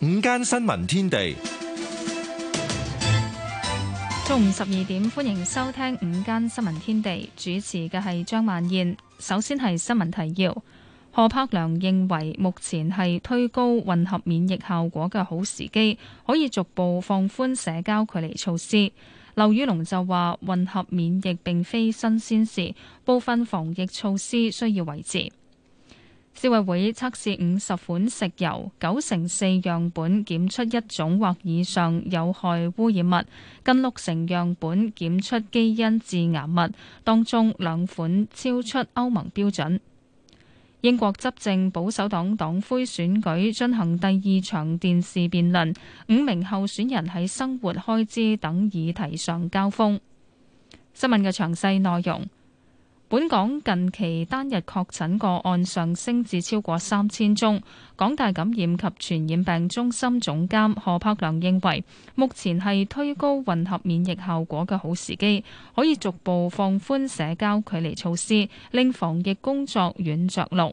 午間新聞天地，中午十二點，歡迎收聽午間新聞天地，主持嘅係張曼燕。首先係新聞提要，何柏良認為目前係推高混合免疫效果嘅好時機，可以逐步放寬社交距離措施。劉宇龍就話，混合免疫並非新鮮事，部分防疫措施需要維持。消委會,會測試五十款食油，九成四樣本檢出一種或以上有害污染物，近六成樣本檢出基因致癌物，當中兩款超出歐盟標準。英國執政保守黨黨,黨魁選舉進行第二場電視辯論，五名候選人喺生活開支等議題上交鋒。新聞嘅詳細內容。本港近期單日確診個案上升至超過三千宗，港大感染及傳染病中心總監何柏良認為目前係推高混合免疫效果嘅好時機，可以逐步放寬社交距離措施，令防疫工作軟着陸。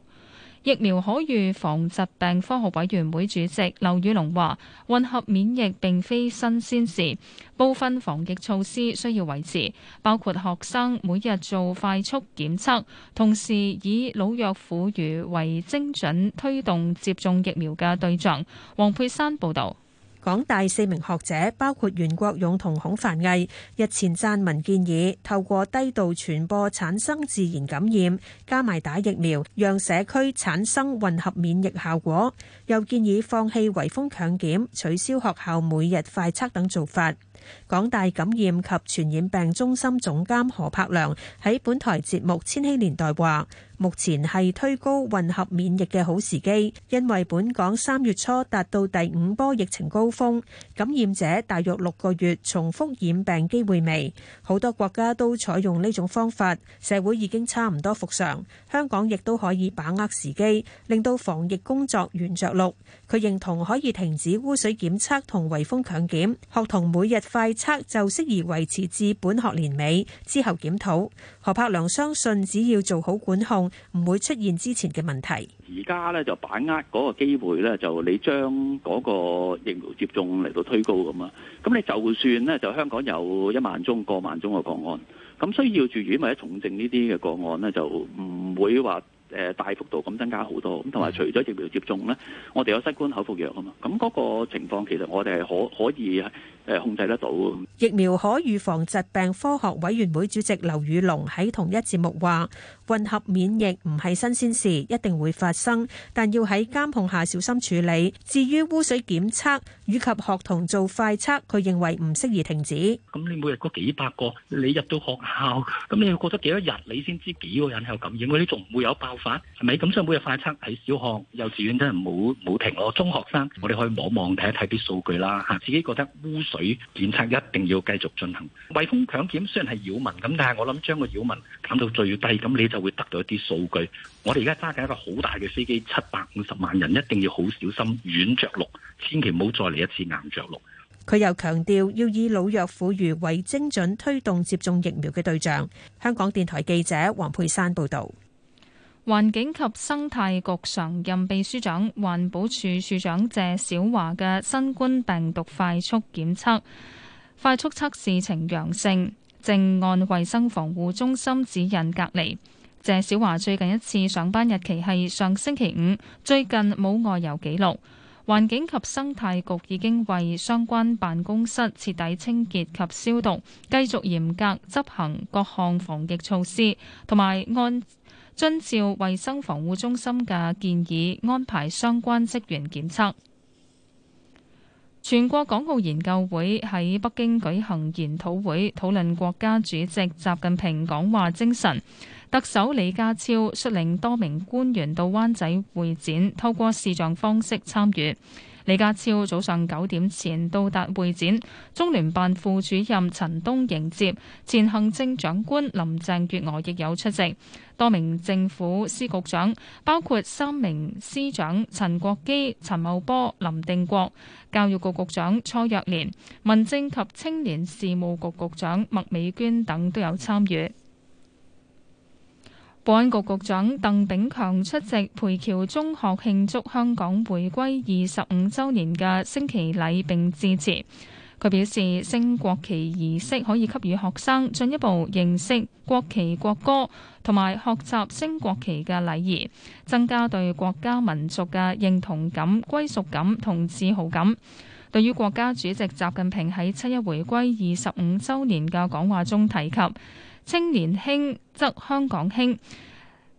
疫苗可預防疾病科學委員會主席劉宇龍話：混合免疫並非新鮮事，部分防疫措施需要維持，包括學生每日做快速檢測，同時以老弱婦孺為精準推動接種疫苗嘅對象。黃佩珊報導。港大四名學者，包括袁國勇同孔繁毅，日前撰文建議透過低度傳播產生自然感染，加埋打疫苗，讓社區產生混合免疫效果。又建議放棄圍封強檢、取消學校每日快測等做法。港大感染及傳染病中心總監何柏良喺本台節目《千禧年代》話。目前係推高混合免疫嘅好時機，因為本港三月初達到第五波疫情高峰，感染者大約六個月重複染病機會微。好多國家都採用呢種方法，社會已經差唔多復常，香港亦都可以把握時機，令到防疫工作圓着陸。佢認同可以停止污水檢測同圍封強檢，學童每日快測就適宜維持至本學年尾之後檢討。何柏良相信只要做好管控，唔會出現之前嘅問題，而家咧就把握嗰個機會咧，就你將嗰個疫苗接種嚟到推高咁啊，咁你就算咧就香港有一萬宗、過萬宗嘅個案，咁需要住院或者重症呢啲嘅個案咧，就唔會話。誒大幅度咁增加好多，咁同埋除咗疫苗接種，咧，我哋有新冠口服藥。啊嘛，咁嗰個情況，其實我哋係可可以誒控制得到。疫苗可預防疾病科學委員會主席劉宇龍喺同一節目話，混合免疫唔係新鮮事，一定會發生，但要喺監控下小心處理。至於污水檢測以及學童做快測，佢認為唔適宜停止。咁你每日嗰幾百個，你入到學校，咁你要過咗幾多日，你先知幾個人有感染嗰啲，仲唔會有爆？法係咪咁？所以每日快測喺小學、幼稚園真係冇冇停咯。中學生我哋可以望望睇一睇啲數據啦。吓，自己覺得污水檢測一定要繼續進行。衛風強檢雖然係擾民咁，但係我諗將個擾民減到最低咁，你就會得到一啲數據。我哋而家揸緊一個好大嘅飛機，七百五十萬人一定要好小心軟着陸，千祈唔好再嚟一次硬着陸。佢又強調要以老弱婦孺為精準推動接種疫苗嘅對象。香港電台記者黃佩珊報道。環境及生態局常任秘書長、環保署署長謝小華嘅新冠病毒快速檢測、快速測試呈陽性，正按衛生防護中心指引隔離。謝小華最近一次上班日期係上星期五，最近冇外遊記錄。環境及生態局已經為相關辦公室徹底清潔及消毒，繼續嚴格執行各項防疫措施，同埋按，遵照衛生防護中心嘅建議，安排相關職員檢測。全國港澳研究會喺北京舉行研討會，討論國家主席習近平講話精神。特首李家超率領多名官員到灣仔會展，透過視像方式參與。李家超早上九點前到達會展，中聯辦副主任陳東迎接，前行政長官林鄭月娥亦有出席，多名政府司局長，包括三名司長陳國基、陳茂波、林定國，教育局局長蔡若蓮，民政及青年事務局局局長麥美娟等都有參與。保安局局長鄧炳強出席培僑中學慶祝香港回歸二十五周年嘅升旗禮，並致辭。佢表示，升國旗儀式可以給予學生進一步認識國旗國歌，同埋學習升國旗嘅禮儀，增加對國家民族嘅認同感、歸屬感同自豪感。對於國家主席習近平喺七一回歸二十五周年嘅講話中提及，青年興則香港興。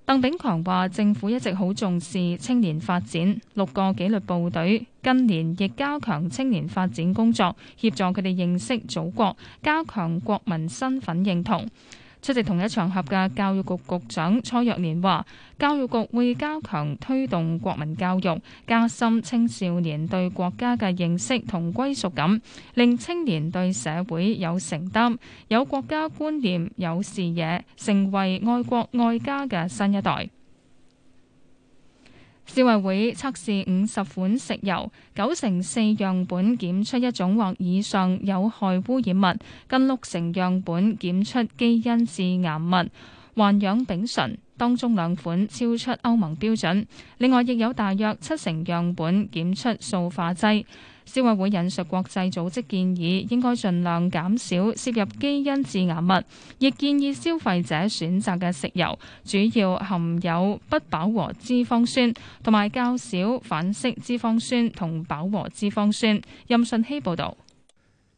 鄧炳強話：政府一直好重視青年發展，六個紀律部隊近年亦加強青年發展工作，協助佢哋認識祖國，加強國民身份認同。出席同一場合嘅教育局局長蔡若蓮話：教育局會加強推動國民教育，加深青少年對國家嘅認識同歸屬感，令青年對社會有承擔，有國家觀念，有視野，成為愛國愛家嘅新一代。消委會測試五十款食油，九成四樣本檢出一種或以上有害污染物，近六成樣本檢出基因致癌物環氧丙醇，當中兩款超出歐盟標準。另外，亦有大約七成樣本檢出塑化劑。消委會引述國際組織建議，應該盡量減少攝入基因致癌物，亦建議消費者選擇嘅食油主要含有不飽和脂肪酸，同埋較少反式脂肪酸同飽和脂肪酸。任信希報導。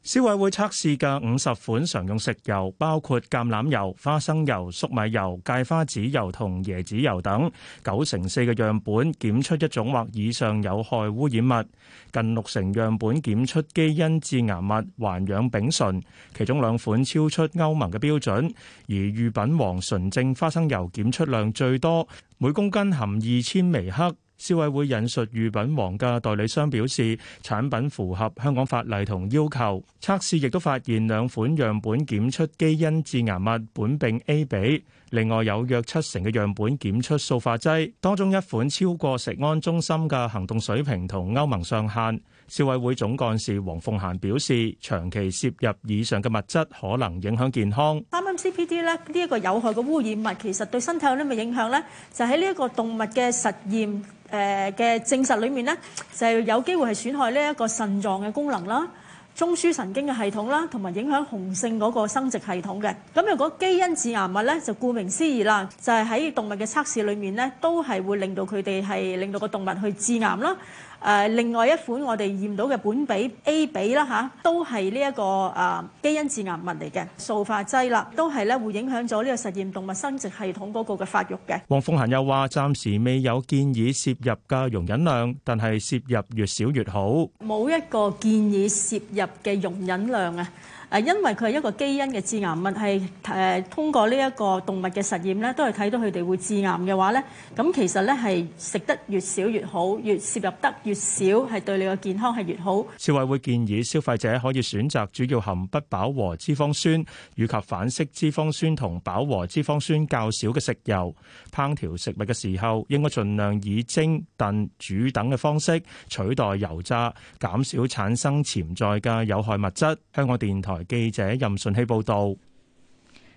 消委會測試嘅五十款常用食油，包括橄欖油、花生油、粟米油、芥花籽油同椰子油等，九成四嘅樣本檢出一種或以上有害污染物，近六成樣本檢出基因致癌物環氧丙醇，其中兩款超出歐盟嘅標準。而御品皇純正花生油檢出量最多，每公斤含二千微克。消委會引述御品皇嘅代理商表示，產品符合香港法例同要求。測試亦都發現兩款樣本檢出基因致癌物苯並 A 芘，另外有約七成嘅樣本檢出塑化劑，當中一款超過食安中心嘅行動水平同歐盟上限。消委會總幹事黃鳳嫻表示，長期攝入以上嘅物質可能影響健康。3-MCPD 呢，呢一個有害嘅污染物，其實對身體有啲咩影響呢？就喺呢一個動物嘅實驗。誒嘅證實裏面咧，就係有機會係損害呢一個腎臟嘅功能啦、中樞神經嘅系統啦，同埋影響雄性嗰個生殖系統嘅。咁如果基因致癌物咧，就顧名思義啦，就係喺動物嘅測試裏面咧，都係會令到佢哋係令到個動物去致癌啦。誒另外一款我哋驗到嘅本比 A 比啦嚇，都係呢一個誒基因致癌物嚟嘅塑化劑啦，都係咧會影響咗呢個實驗動物生殖系統嗰個嘅發育嘅。黃鳳賢又話：暫時未有建議攝入嘅容忍量，但係攝入越少越好。冇一個建議攝入嘅容忍量啊！誒，因為佢係一個基因嘅致癌物，係誒通過呢一個動物嘅實驗咧，都係睇到佢哋會致癌嘅話咧，咁其實咧係食得越少越好，越攝入得越少係對你嘅健康係越好。消委會建議消費者可以選擇主要含不飽和脂肪酸以及反式脂肪酸同飽和脂肪酸較少嘅食油，烹調食物嘅時候應該盡量以蒸、燉、煮等嘅方式取代油炸，減少產生潛在嘅有害物質。香港電台。記者任順希報道，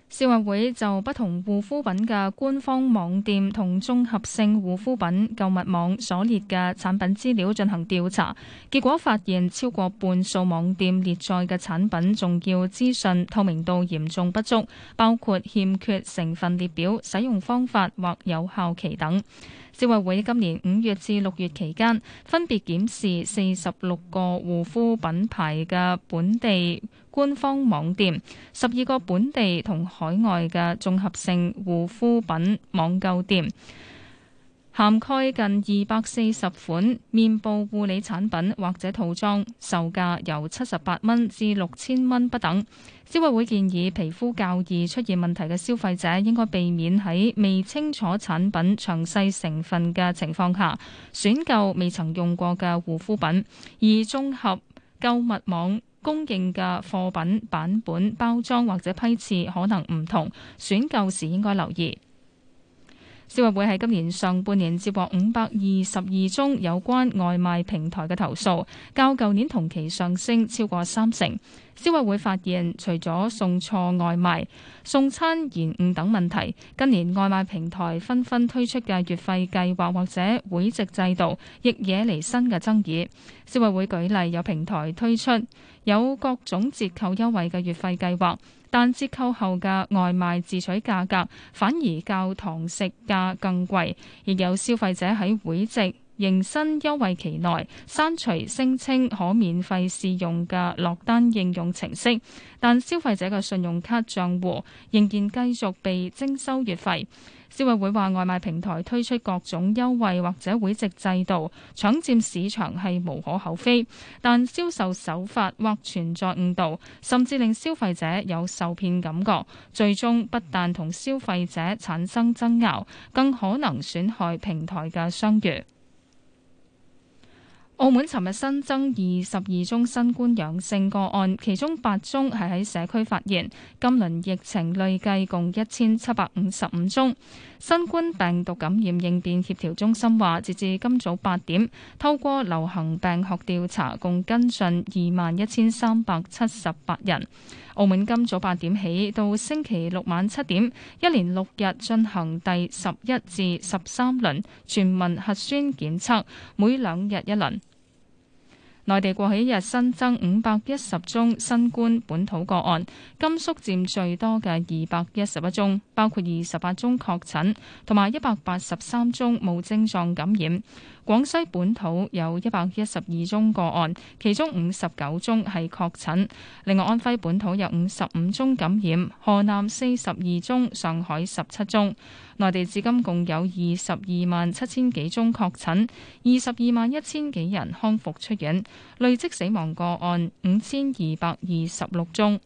消委會就不同護膚品嘅官方網店同綜合性護膚品購物網所列嘅產品資料進行調查，結果發現超過半數網店列載嘅產品重要資訊透明度嚴重不足，包括欠缺成分列表、使用方法或有效期等。消委會今年五月至六月期間，分別檢視四十六個護膚品牌嘅本地官方網店，十二個本地同海外嘅綜合性護膚品網購店。涵蓋近二百四十款面部護理產品或者套裝，售價由七十八蚊至六千蚊不等。消委會建議，皮膚較易出現問題嘅消費者應該避免喺未清楚產品詳細成分嘅情況下，選購未曾用過嘅護膚品。而綜合購物網供應嘅貨品版本、包裝或者批次可能唔同，選購時應該留意。消委會喺今年上半年接獲五百二十二宗有關外賣平台嘅投訴，較舊年同期上升超過三成。消委會發現，除咗送錯外賣、送餐延誤等問題，今年外賣平台紛紛推出嘅月費計劃或者會籍制度，亦惹嚟新嘅爭議。消委會舉例，有平台推出有各種折扣優惠嘅月費計劃。但折扣後嘅外賣自取價格反而較堂食價更貴，亦有消費者喺會籍迎新優惠期內刪除聲稱可免費試用嘅落單應用程式，但消費者嘅信用卡帳戶仍然繼續被徵收月費。消委會話，外賣平台推出各種優惠或者會籍制度，搶佔市場係無可厚非，但銷售手法或存在誤導，甚至令消費者有受騙感覺，最終不但同消費者產生爭拗，更可能損害平台嘅商譽。澳門尋日新增二十二宗新冠陽性個案，其中八宗係喺社區發現。今輪疫情累計共一千七百五十五宗。新冠病毒感染應變協調中心話，截至今早八點，透過流行病學調查，共跟進二萬一千三百七十八人。澳門今早八點起到星期六晚七點，一連六日進行第十一至十三輪全民核酸檢測，每兩日一輪。內地過去一日新增五百一十宗新冠本土個案，甘肅佔最多嘅二百一十一宗，包括二十八宗確診同埋一百八十三宗無症狀感染。廣西本土有一百一十二宗個案，其中五十九宗係確診，另外安徽本土有五十五宗感染，河南四十二宗，上海十七宗。內地至今共有二十二萬七千幾宗確診，二十二萬一千幾人康復出院，累積死亡個案五千二百二十六宗。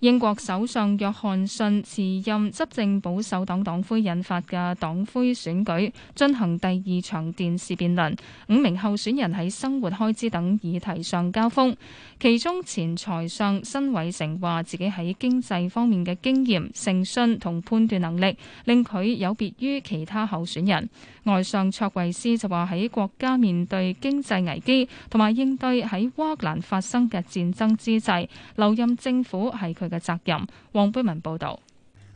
英國首相約翰遜辭任執政保守黨黨魁引發嘅黨魁選舉進行第二場電視辯論，五名候選人喺生活開支等議題上交鋒。其中前財相辛偉誠話自己喺經濟方面嘅經驗、誠信同判斷能力令佢有別於其他候選人。外相卓慧思就話喺國家面對經濟危機同埋應對喺烏克蘭發生嘅戰爭之際，留任政府係佢。嘅責任，黃貝文報道。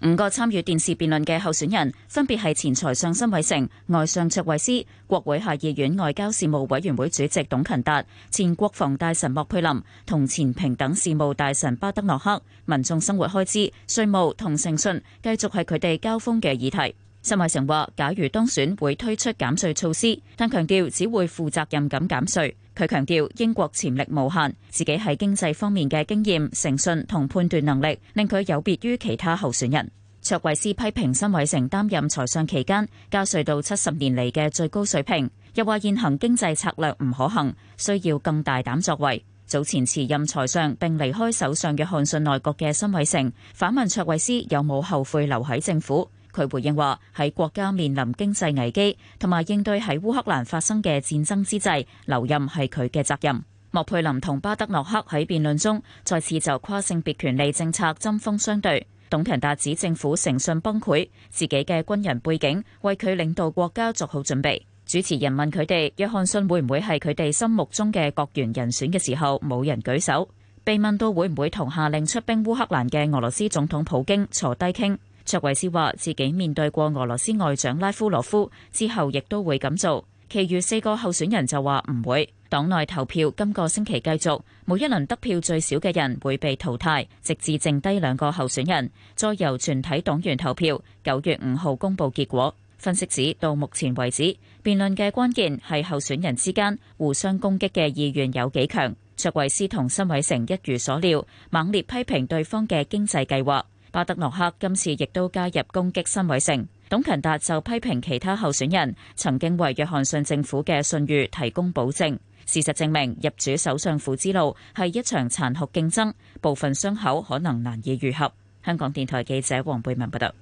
五個參與電視辯論嘅候選人，分別係前財相辛偉誠、外相卓慧斯、國會下議院外交事務委員會主席董勤達、前國防大臣莫佩林同前平等事務大臣巴德諾克。民眾生活開支、稅務同誠信，繼續係佢哋交鋒嘅議題。辛偉成話：假如當選，會推出減稅措施，但強調只會負責任咁減稅。佢強調英國潛力無限，自己喺經濟方面嘅經驗、誠信同判斷能力，令佢有別於其他候選人。卓惠斯批評辛偉成擔任財相期間加稅到七十年嚟嘅最高水平，又話現行經濟策略唔可行，需要更大膽作為。早前辭任財相並離開首相約翰遜內閣嘅辛偉成，反問卓惠斯有冇後悔留喺政府。佢回應話：喺國家面臨經濟危機同埋應對喺烏克蘭發生嘅戰爭之際，留任係佢嘅責任。莫佩林同巴德洛克喺辯論中再次就跨性別權利政策針鋒相對。董平達指政府誠信崩潰，自己嘅軍人背景為佢領導國家作好準備。主持人問佢哋約翰遜會唔會係佢哋心目中嘅閣員人選嘅時候，冇人舉手。被問到會唔會同下令出兵烏克蘭嘅俄羅斯總統普京坐低傾。卓偉斯話自己面對過俄羅斯外長拉夫羅夫，之後亦都會咁做。其餘四個候選人就話唔會。黨內投票今個星期繼續，每一輪得票最少嘅人會被淘汰，直至剩低兩個候選人，再由全體黨員投票。九月五號公布結果。分析指到目前為止，辯論嘅關鍵係候選人之間互相攻擊嘅意願有幾強。卓偉斯同辛偉成一如所料，猛烈批評對方嘅經濟計劃。巴德諾克今次亦都加入攻擊辛偉誠，董勤達就批評其他候選人，曾經為約翰遜政府嘅信譽提供保證，事實證明，入主首相府之路，係一場殘酷競爭，部分傷口可能難以癒合。香港電台記者黃貝文報道。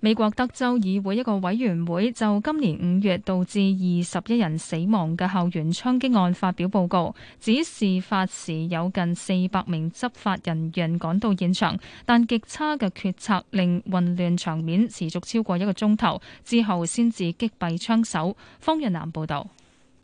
美國德州議會一個委員會就今年五月導致二十一人死亡嘅校園槍擊案發表報告，指事發時有近四百名執法人員趕到現場，但極差嘅決策令混亂場面持續超過一個鐘頭，之後先至擊斃槍手。方潤南報道。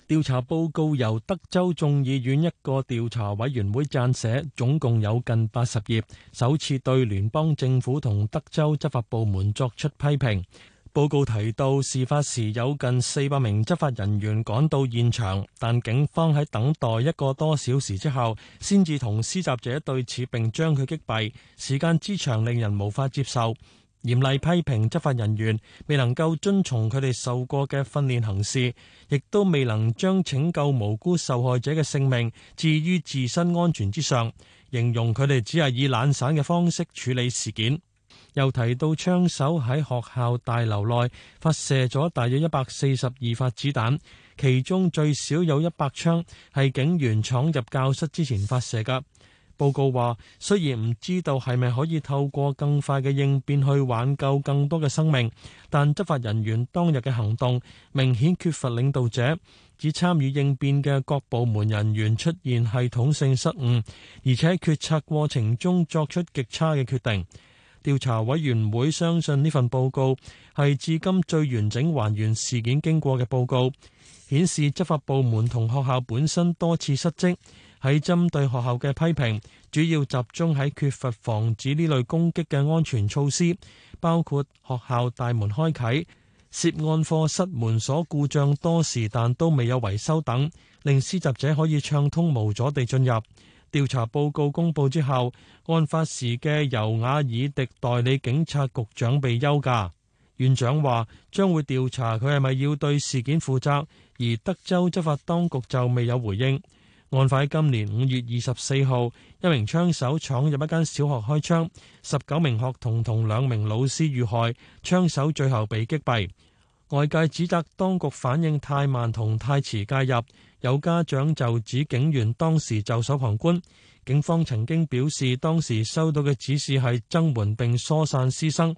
調查報告由德州眾議院一個調查委員會撰寫，總共有近八十頁，首次對聯邦政府同德州執法部門作出批評。報告提到，事發時有近四百名執法人員趕到現場，但警方喺等待一個多小時之後，先至同施襲者對峙，並將佢擊斃，時間之長令人無法接受。嚴厲批評執法人員未能夠遵從佢哋受過嘅訓練行事，亦都未能將拯救無辜受害者嘅性命置於自身安全之上，形容佢哋只係以懶散嘅方式處理事件。又提到槍手喺學校大樓內發射咗大約一百四十二發子彈，其中最少有一百槍係警員闖入教室之前發射嘅。報告話，雖然唔知道係咪可以透過更快嘅應變去挽救更多嘅生命，但執法人員當日嘅行動明顯缺乏領導者，只參與應變嘅各部門人員出現系統性失誤，而且喺決策過程中作出極差嘅決定。調查委員會相信呢份報告係至今最完整還原事件經過嘅報告，顯示執法部門同學校本身多次失職。喺針對學校嘅批評，主要集中喺缺乏防止呢類攻擊嘅安全措施，包括學校大門開啓、涉案課室門鎖故障多時，但都未有維修等，令施襲者可以暢通無阻地進入。調查報告公佈之後，案發時嘅尤瓦爾迪代理警察局長被休假。院長話將會調查佢係咪要對事件負責，而德州執法當局就未有回應。案發喺今年五月二十四號，一名槍手闖入一間小學開槍，十九名學童同兩名老師遇害，槍手最後被擊斃。外界指責當局反應太慢同太遲介入，有家長就指警員當時袖手旁觀。警方曾經表示當時收到嘅指示係增援並疏散師生。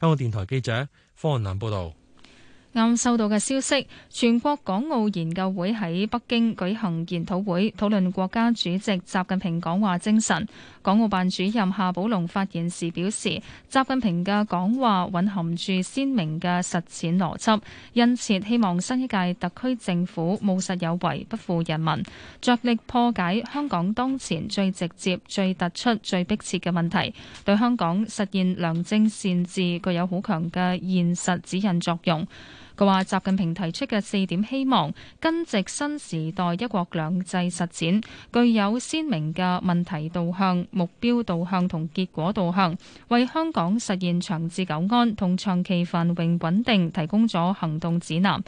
香港電台記者方雲南報導。啱收到嘅消息，全國港澳研究會喺北京舉行研討會討論國家主席習近平講話精神。港澳辦主任夏寶龍發言時表示，習近平嘅講話蘊含住鮮明嘅實踐邏輯，殷切希望新一屆特區政府務實有為不負人民，着力破解香港當前最直接、最突出、最迫切嘅問題，對香港實現良政善治具有好強嘅現實指引作用。佢話：習近平提出嘅四點希望，根植新時代一國兩制實踐，具有鮮明嘅問題導向、目標導向同結果導向，為香港實現長治久安同長期繁榮穩定提供咗行動指南。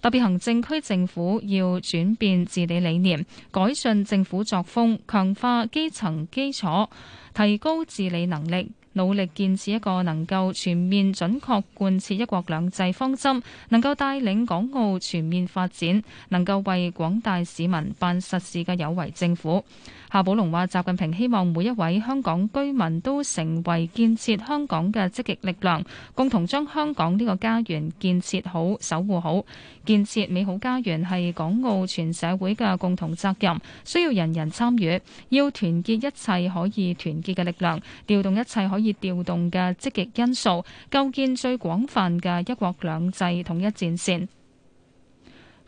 特別行政區政府要轉變治理理念，改進政府作風，強化基層基礎，提高治理能力。努力建設一個能夠全面準確貫徹一國兩制方針，能夠帶領港澳全面發展，能夠為廣大市民辦實事嘅有為政府。夏寶龍話：習近平希望每一位香港居民都成為建設香港嘅積極力量，共同將香港呢個家園建設好、守護好。建設美好家園係港澳全社會嘅共同責任，需要人人參與。要團結一切可以團結嘅力量，調動一切可以調動嘅積極因素，構建最廣泛嘅一國兩制統一戰線。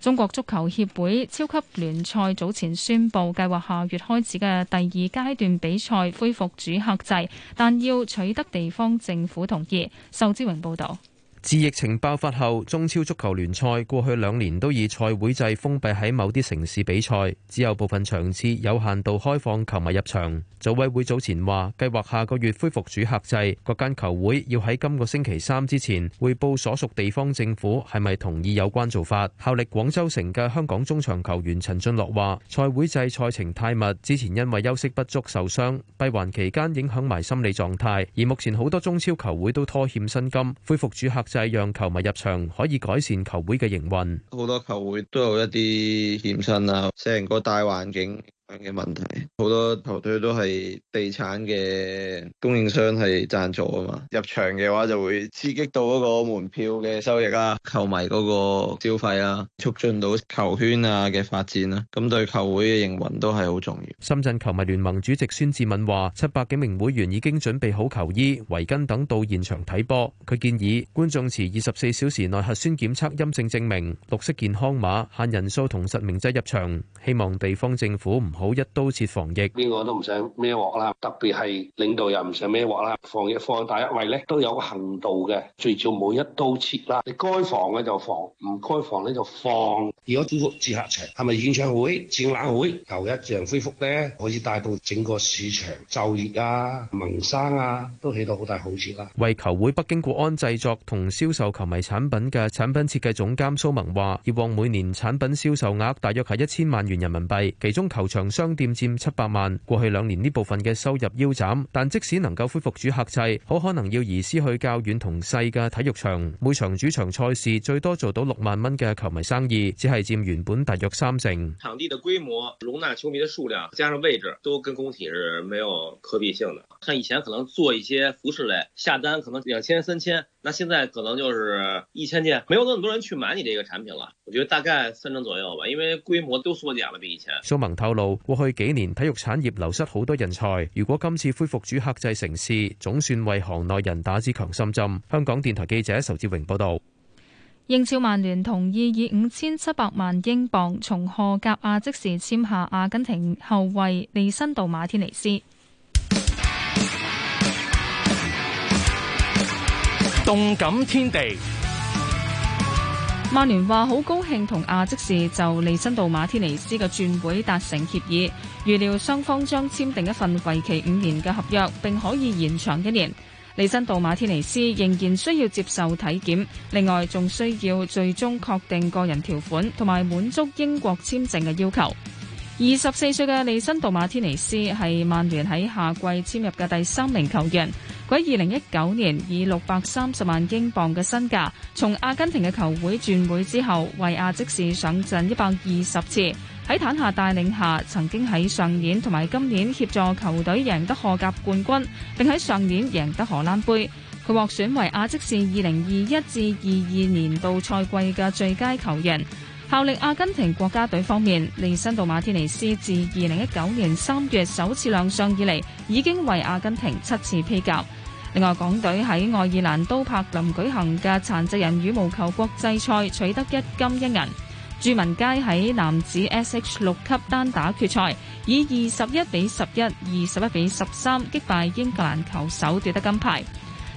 中國足球協會超級聯賽早前宣布，計劃下月開始嘅第二階段比賽恢復主客制，但要取得地方政府同意。仇之榮報道。自疫情爆發後，中超足球聯賽過去兩年都以賽會制封閉喺某啲城市比賽，只有部分場次有限度開放球迷入場。組委會早前話計劃下個月恢復主客制，各間球會要喺今個星期三之前匯報所屬地方政府係咪同意有關做法。效力廣州城嘅香港中場球員陳俊樂話，賽會制賽程太密，之前因為休息不足受傷，閉環期間影響埋心理狀態，而目前好多中超球會都拖欠薪金，恢復主客制，係讓球迷入場可以改善球會嘅營運，好多球會都有一啲欠薪啊，成個大環境嘅問題，好多球隊都係地產嘅供應商係贊助啊嘛，入場嘅話就會刺激到嗰個門票嘅收益啊，球迷嗰個消費啊，促進到球圈啊嘅發展啊。咁對球會嘅營運都係好重要。深圳球迷聯盟主席孫志敏話，七百幾名會員已經準備好球衣、圍巾等到現場睇波。佢建議觀眾持二十四小時內核酸檢測陰性證明、綠色健康碼、限人數同實名制入場。希望地方政府唔好一刀切防疫，呢個都唔想孭鑊啦，特別係領導又唔想孭鑊啦。防疫放第一位咧，都有個限度嘅，最少冇一刀切啦。你該防嘅就防，唔該防咧，就放。如果恢復主客場，係咪演唱會、展覽會頭一仗恢復咧？可以帶動整個市場就業啊、民生啊，都起到好大好處啦。為球會北京國安製作同銷售球迷產品嘅產品設計總監蘇文話：以往每年產品銷售額大約係一千萬元人民幣，其中球場。商店佔七百萬，過去兩年呢部分嘅收入腰斬，但即使能夠恢復主客制，好可能要移師去較遠同細嘅體育場。每場主場賽事最多做到六萬蚊嘅球迷生意，只係佔原本大約三成。場地的規模、容納球迷嘅數量加上位置，都跟工體是沒有可比性的。像以前可能做一些服飾類，下單可能兩千三千，那現在可能就是一千件，沒有那麼多人去買你呢個產品了。我覺得大概三成左右吧，因為規模都縮減了，比以前。蘇萌透露。過去幾年，體育產業流失好多人才。如果今次恢復主客制城市，總算為行內人打支強心針。香港電台記者仇志榮報道。英超曼聯同意以五千七百萬英鎊從荷甲阿積士簽下阿根廷後衛利辛杜馬天尼斯。動感天地。曼聯話好高興同亞積士就利辛度馬天尼斯嘅轉會達成協議，預料雙方將簽訂一份為期五年嘅合約，並可以延長一年。利辛度馬天尼斯仍然需要接受體檢，另外仲需要最終確定個人條款同埋滿足英國簽證嘅要求。二十四歲嘅利辛杜馬天尼斯係曼聯喺夏季簽入嘅第三名球員。佢喺二零一九年以六百三十萬英鎊嘅身價從阿根廷嘅球會轉會之後，為亞積士上陣一百二十次。喺坦夏帶領下，曾經喺上年同埋今年協助球隊贏得荷甲冠軍，並喺上年贏得荷蘭杯。佢獲選為亞積士二零二一至二二年度賽季嘅最佳球員。效力阿根廷國家隊方面，利申道馬天尼斯自二零一九年三月首次亮相以嚟，已經為阿根廷七次披甲。另外，港隊喺愛爾蘭都柏林舉行嘅殘疾人羽毛球國際賽取得一金一銀。朱文佳喺男子 SH 六級單打決賽，以二十一比十一、二十一比十三擊敗英格蘭球手，奪得金牌。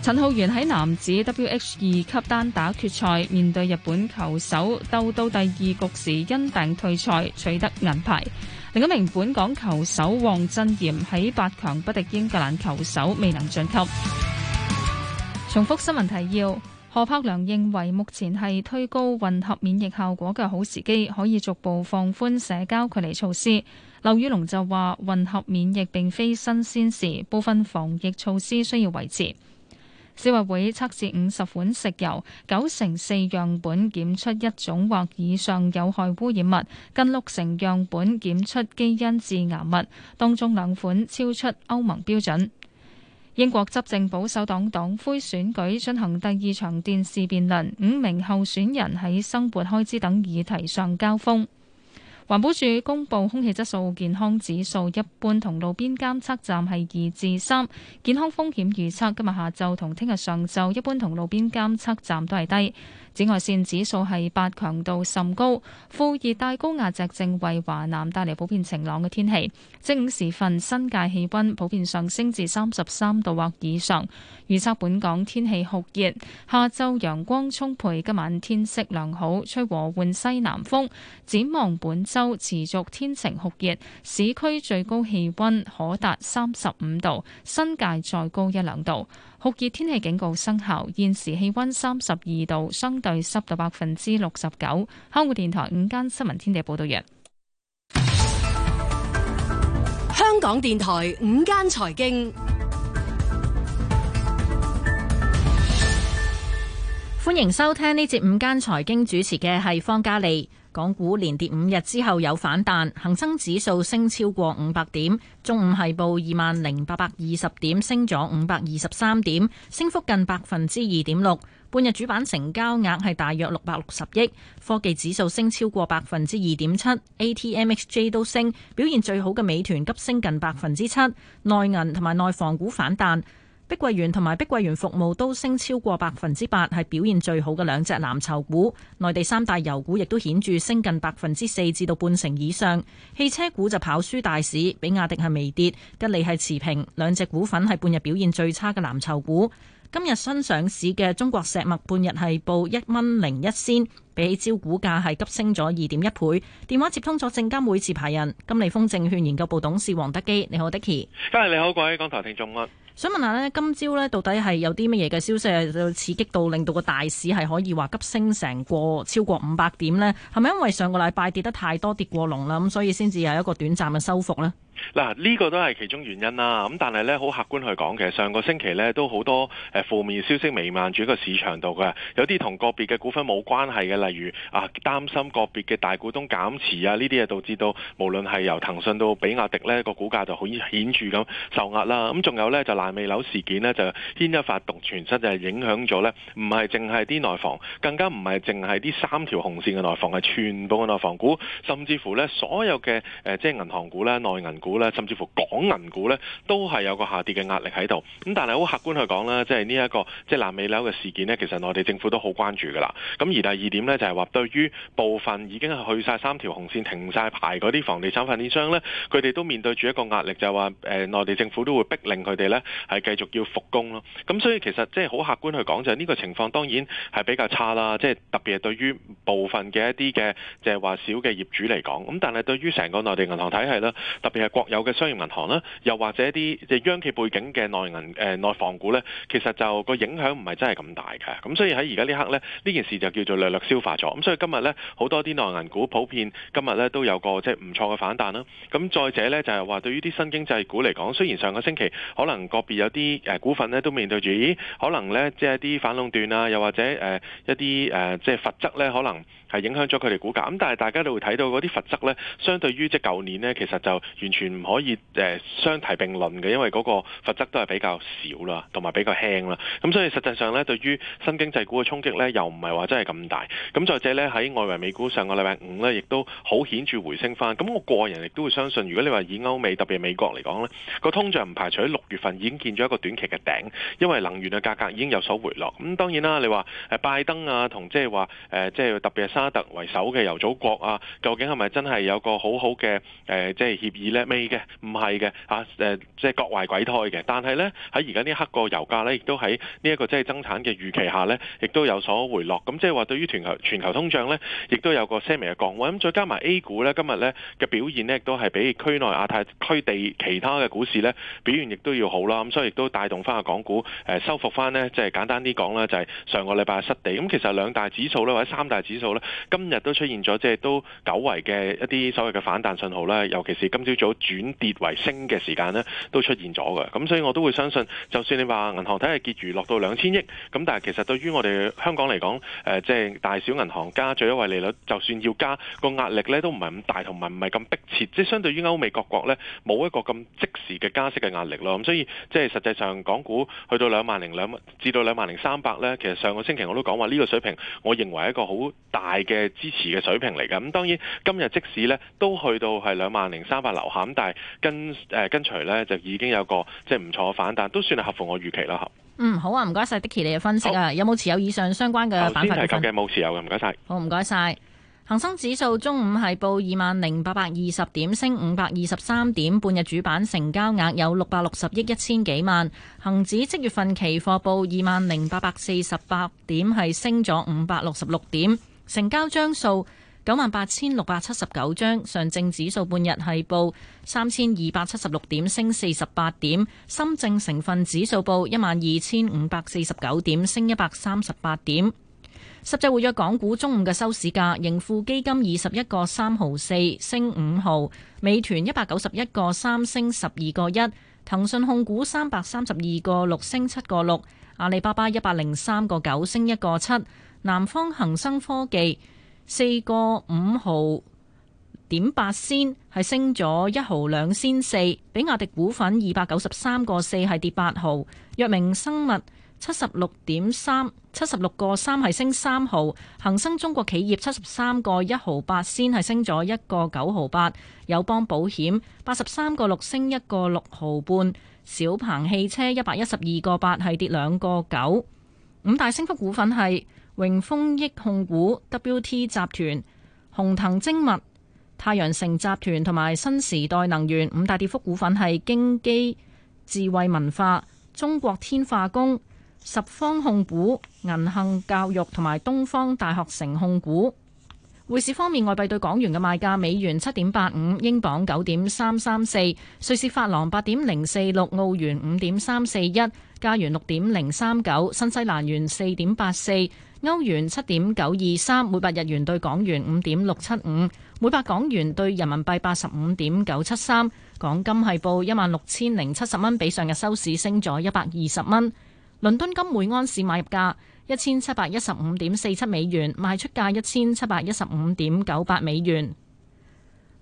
陳浩源喺男子 W H 二級單打決賽面對日本球手，鬥到第二局時因病退賽，取得銀牌。另一名本港球手王真賢喺八強不敵英格蘭球手，未能晉級。重複新聞提要：何柏良認為目前係推高混合免疫效果嘅好時機，可以逐步放寬社交距離措施。劉宇龍就話，混合免疫並非新鮮事，部分防疫措施需要維持。消委會測試五十款食油，九成四樣本檢出一種或以上有害污染物，近六成樣本檢出基因致癌物，當中兩款超出歐盟標準。英國執政保守黨黨魁選舉進行第二場電視辯論，五名候選人喺生活開支等議題上交鋒。環保署公布空氣質素健康指數，一般同路邊監測站係二至三，健康風險預測今日下晝同聽日上晝一般同路邊監測站都係低。紫外線指數係八強度甚高，副熱帶高壓脊正為華南帶嚟普遍晴朗嘅天氣，正午時分，新界氣温普遍上升至三十三度或以上。預測本港天氣酷熱，下晝陽光充沛，今晚天色良好，吹和緩西南風。展望本周持續天晴酷熱，市區最高氣温可達三十五度，新界再高一兩度。酷熱天氣警告生效，現時氣温三十二度，新對，濕度百分之六十九。香港電台午間新聞天地報道員，香港電台午間財經，歡迎收聽呢節午間財經主持嘅係方嘉利。港股連跌五日之後有反彈，恒生指數升超過五百點，中午係報二萬零八百二十點，升咗五百二十三點，升幅近百分之二點六。半日主板成交額係大約六百六十億，科技指數升超過百分之二點七，A T M X J 都升，表現最好嘅美團急升近百分之七，內銀同埋內房股反彈。碧桂園同埋碧桂園服務都升超過百分之八，係表現最好嘅兩隻藍籌股。內地三大油股亦都顯著升近百分之四至到半成以上。汽車股就跑輸大市，比亞迪係微跌，吉利係持平，兩隻股份係半日表現最差嘅藍籌股。今日新上市嘅中國石墨半日係報一蚊零一仙，比起招股價係急升咗二點一倍。電話接通咗證監會持牌人金利豐證券研究部董事黃德基，你好，Dickie。係，你好，各位港台聽眾想問下呢，今朝呢到底係有啲乜嘢嘅消息係刺激到令到個大市係可以話急升成過超過五百點呢？係咪因為上個禮拜跌得太多跌過龍啦？咁所以先至有一個短暫嘅收復呢？嗱呢個都係其中原因啦，咁但係呢，好客觀去講，其實上個星期呢，都好多誒負面消息瀰漫住一個市場度嘅，有啲同個別嘅股份冇關係嘅，例如啊擔心個別嘅大股東減持啊，呢啲嘢導致到無論係由騰訊到比亞迪呢個股價就好顯著咁受壓啦。咁、嗯、仲有呢，就爛尾樓事件呢，就牽一發動全身，就係影響咗呢，唔係淨係啲內房，更加唔係淨係啲三條紅線嘅內房，係全部嘅內房股，甚至乎呢所有嘅誒即係銀行股咧、內銀股。股咧，甚至乎港銀股咧，都係有個下跌嘅壓力喺度。咁但係好客觀去講啦，即係呢一個即係、就是、南美樓嘅事件呢，其實內地政府都好關注㗎啦。咁而第二點呢就係話對於部分已經係去晒三條紅線停晒牌嗰啲房地產發展商呢，佢哋都面對住一個壓力，就係話誒內地政府都會逼令佢哋呢係繼續要復工咯。咁所以其實即係好客觀去講就係、是、呢個情況當然係比較差啦。即、就、係、是、特別係對於部分嘅一啲嘅就係、是、話小嘅業主嚟講，咁但係對於成個內地銀行體系啦，特別係。國有嘅商業銀行啦，又或者啲即係央企背景嘅內銀誒、呃、內房股咧，其實就個影響唔係真係咁大嘅，咁所以喺而家呢刻咧，呢件事就叫做略略消化咗。咁所以今日咧，好多啲內銀股普遍今日咧都有個即係唔錯嘅反彈啦。咁再者咧，就係、是、話對於啲新經濟股嚟講，雖然上個星期可能個別有啲誒股份咧都面對住，咦，可能咧即係一啲反壟斷啊，又或者誒、呃、一啲誒即係罰則咧，可能。係影響咗佢哋股價，咁但係大家都會睇到嗰啲罰則呢，相對於即係舊年呢，其實就完全唔可以誒、呃、相提並論嘅，因為嗰個罰則都係比較少啦，同埋比較輕啦。咁所以實際上呢，對於新經濟股嘅衝擊呢，又唔係話真係咁大。咁再者呢，喺外圍美股上個禮拜五呢，亦都好顯著回升翻。咁我個人亦都會相信，如果你話以歐美特別美國嚟講呢，個通脹唔排除喺六月份已經見咗一個短期嘅頂，因為能源嘅價格已經有所回落。咁當然啦，你話誒拜登啊，同即係話誒即係特別係沙特為首嘅油組國啊，究竟係咪真係有個好好嘅誒，即係協議咧？未嘅，唔係嘅啊，誒、呃，即係各懷鬼胎嘅。但係咧喺而家呢一刻個油價咧，亦都喺呢一個即係增產嘅預期下咧，亦都有所回落。咁即係話對於全球全球通脹咧，亦都有個輕微嘅降溫。咁、嗯、再加埋 A 股咧，今日咧嘅表現咧，亦都係比區內亞太區地其他嘅股市咧表現亦都要好啦。咁所以亦都帶動翻個港股誒，收復翻咧，即係、就是、簡單啲講啦，就係、是、上個禮拜嘅失地。咁其實兩大指數咧，或者三大指數咧。今日都出現咗，即係都久違嘅一啲所謂嘅反彈信號啦。尤其是今朝早轉跌為升嘅時間呢，都出現咗嘅。咁所以我都會相信，就算你話銀行體系結餘落到兩千億，咁但係其實對於我哋香港嚟講，誒即係大小銀行加最優惠利率，就算要加個壓力呢，都唔係咁大，同埋唔係咁迫切。即係相對於歐美各國呢，冇一個咁即時嘅加息嘅壓力咯。咁所以即係實際上，港股去到兩萬零兩至到兩萬零三百呢，其實上個星期我都講話呢個水平，我認為一個好大。嘅支持嘅水平嚟噶，咁、嗯、當然今日即使呢都去到係兩萬零三百樓下，咁，但係跟誒、呃、跟隨咧就已經有個即係唔錯嘅反彈，都算係合乎我預期啦。吓，嗯，好啊，唔該晒，Dicky 你嘅分析啊。好有冇持有以上相關嘅板塊先？提及嘅冇持有嘅，唔該晒。好，唔該晒。恒生指數中午係報二萬零八百二十點，升五百二十三點，半日主板成交額有六百六十億一千幾萬。恒指即月份期貨報二萬零八百四十八點，係升咗五百六十六點。成交張數九萬八千六百七十九張，上證指數半日係報三千二百七十六點，升四十八點。深證成分指數報一萬二千五百四十九點，升一百三十八點。十隻活躍港股中午嘅收市價，盈富基金二十一個三毫四，升五毫；美團一百九十一個三，升十二個一；騰訊控股三百三十二個六，升七個六；阿里巴巴一百零三個九，升一個七。南方恒生科技四個五毫點八仙，係升咗一毫兩仙四。比亞迪股份二百九十三個四，係跌八毫。藥明生物七十六點三七十六個三，係升三毫。恒生中國企業七十三個一毫八仙，係升咗一個九毫八。友邦保險八十三個六，升一個六毫半。小鵬汽車一百一十二個八，係跌兩個九。五大升幅股份係。榮豐益控股、W T 集團、鴻騰精密、太陽城集團同埋新時代能源。五大跌幅股份係京基、智慧文化、中國天化工、十方控股、銀杏教育同埋東方大學城控股。匯市方面，外幣對港元嘅賣價：美元七點八五，英鎊九點三三四，瑞士法郎八點零四六，澳元五點三四一，加元六點零三九，新西蘭元四點八四。歐元七點九二三，每百日元對港元五點六七五，每百港元對人民幣八十五點九七三。港金係報一萬六千零七十蚊，比上日收市升咗一百二十蚊。倫敦金每安士買入價一千七百一十五點四七美元，賣出價一千七百一十五點九八美元。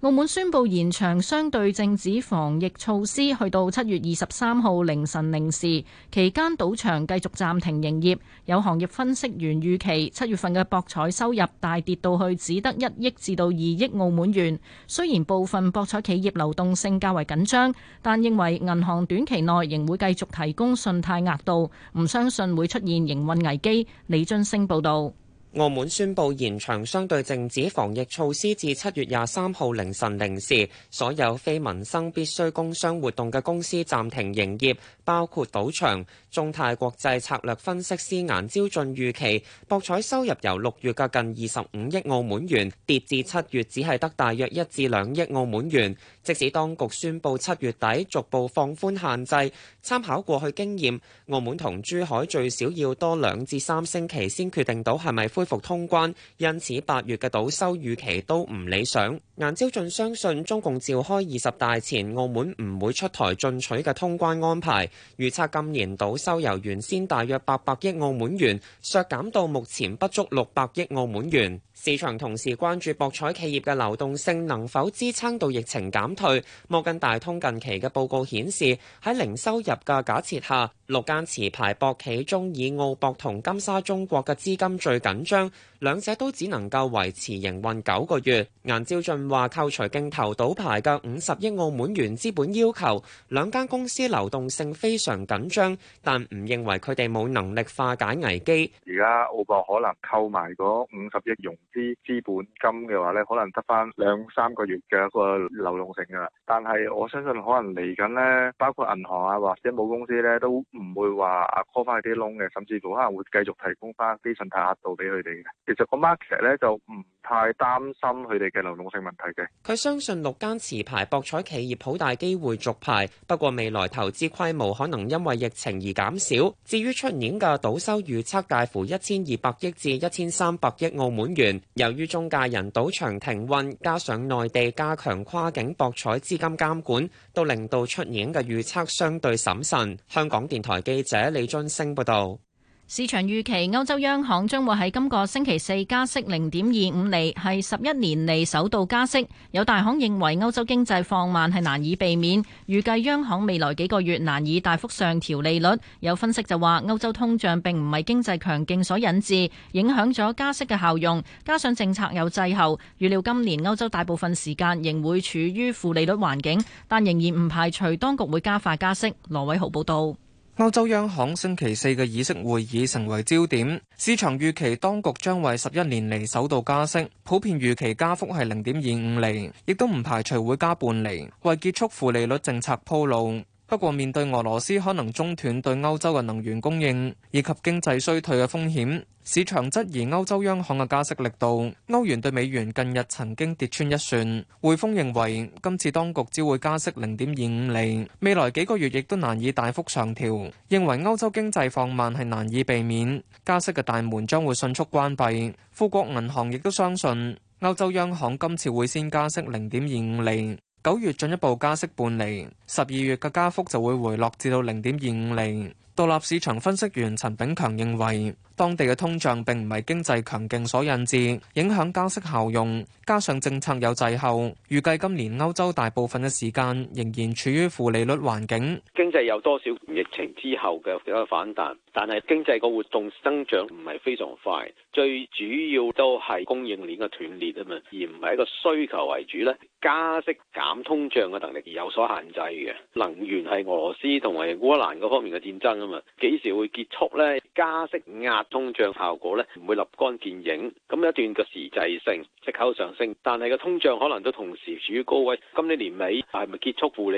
澳門宣布延長相對靜止防疫措施，去到七月二十三號凌晨零時。期間賭場繼續暫停營業。有行業分析員預期，七月份嘅博彩收入大跌到去只得一億至到二億澳門元。雖然部分博彩企業流動性較為緊張，但認為銀行短期內仍會繼續提供信貸額度，唔相信會出現營運危機。李津升報道。澳門宣布延長相對靜止防疫措施至七月廿三號凌晨零時，所有非民生必須工商活動嘅公司暫停營業，包括賭場。中泰國際策略分析師顏朝俊預期，博彩收入由六月嘅近二十五億澳門元跌至七月只係得大約一至兩億澳門元。即使當局宣布七月底逐步放寬限制，參考過去經驗，澳門同珠海最少要多兩至三星期先決定到係咪恢復通關。因此八月嘅賭收預期都唔理想。顏朝俊相信中共召開二十大前，澳門唔會出台進取嘅通關安排。預測今年賭收由原先大約八百億澳門元，削減到目前不足六百億澳門元。市場同時關注博彩企業嘅流動性能否支撐到疫情減退。摩根大通近期嘅報告顯示，喺零收入嘅假設下，六間持牌博企中，以澳博同金沙中國嘅資金最緊張。兩者都只能夠維持營運九個月。顏照俊話：扣除競投倒牌嘅五十億澳門元資本要求，兩間公司流動性非常緊張，但唔認為佢哋冇能力化解危機。而家澳博可能扣埋嗰五十億融資資本金嘅話咧，可能得翻兩三個月嘅一個流動性㗎啦。但係我相信可能嚟緊咧，包括銀行啊或者母公司咧，都唔會話 call 翻啲窿嘅，甚至乎可能會繼續提供翻非信貸額度俾佢哋嘅。其實個 market 咧就唔太擔心佢哋嘅流動性問題嘅。佢相信六間持牌博彩企業好大機會續牌，不過未來投資規模可能因為疫情而減少。至於出年嘅賭收預測介乎一千二百億至一千三百億澳門元，由於中介人賭場停運，加上內地加強跨境博彩資金監管，都令到出年嘅預測相對審慎。香港電台記者李津升報道。市場預期歐洲央行將會喺今個星期四加息零點二五厘，係十一年嚟首度加息。有大行認為歐洲經濟放慢係難以避免，預計央行未來幾個月難以大幅上調利率。有分析就話，歐洲通脹並唔係經濟強勁所引致，影響咗加息嘅效用。加上政策有滯後，預料今年歐洲大部分時間仍會處於負利率環境，但仍然唔排除當局會加快加息。羅偉豪報導。歐洲央行星期四嘅議息會議成為焦點，市場預期當局將為十一年嚟首度加息，普遍預期加幅係零點二五厘，亦都唔排除會加半厘，為結束負利率政策鋪路。不過，面對俄羅斯可能中斷對歐洲嘅能源供應以及經濟衰退嘅風險。市場質疑歐洲央行嘅加息力度，歐元對美元近日曾經跌穿一算。匯豐認為今次當局只會加息零點二五厘，未來幾個月亦都難以大幅上調。認為歐洲經濟放慢係難以避免，加息嘅大門將會迅速關閉。富國銀行亦都相信歐洲央行今次會先加息零點二五厘，九月進一步加息半厘，十二月嘅加幅就會回落至到零點二五厘。獨立市場分析員陳炳強認為。當地嘅通脹並唔係經濟強勁所引致，影響加息效用。加上政策有滯後，預計今年歐洲大部分嘅時間仍然處於負利率環境。經濟有多少疫情之後嘅一個反彈，但係經濟個活動增長唔係非常快，最主要都係供應鏈嘅斷裂啊嘛，而唔係一個需求為主咧。加息減通脹嘅能力而有所限制嘅。能源係俄羅斯同埋烏克蘭嗰方面嘅戰爭啊嘛，幾時會結束咧？加息壓通脹效果咧唔會立竿見影，咁一段個時滯性息口上升，但係個通脹可能都同時處於高位。今年年尾係咪結束負利率？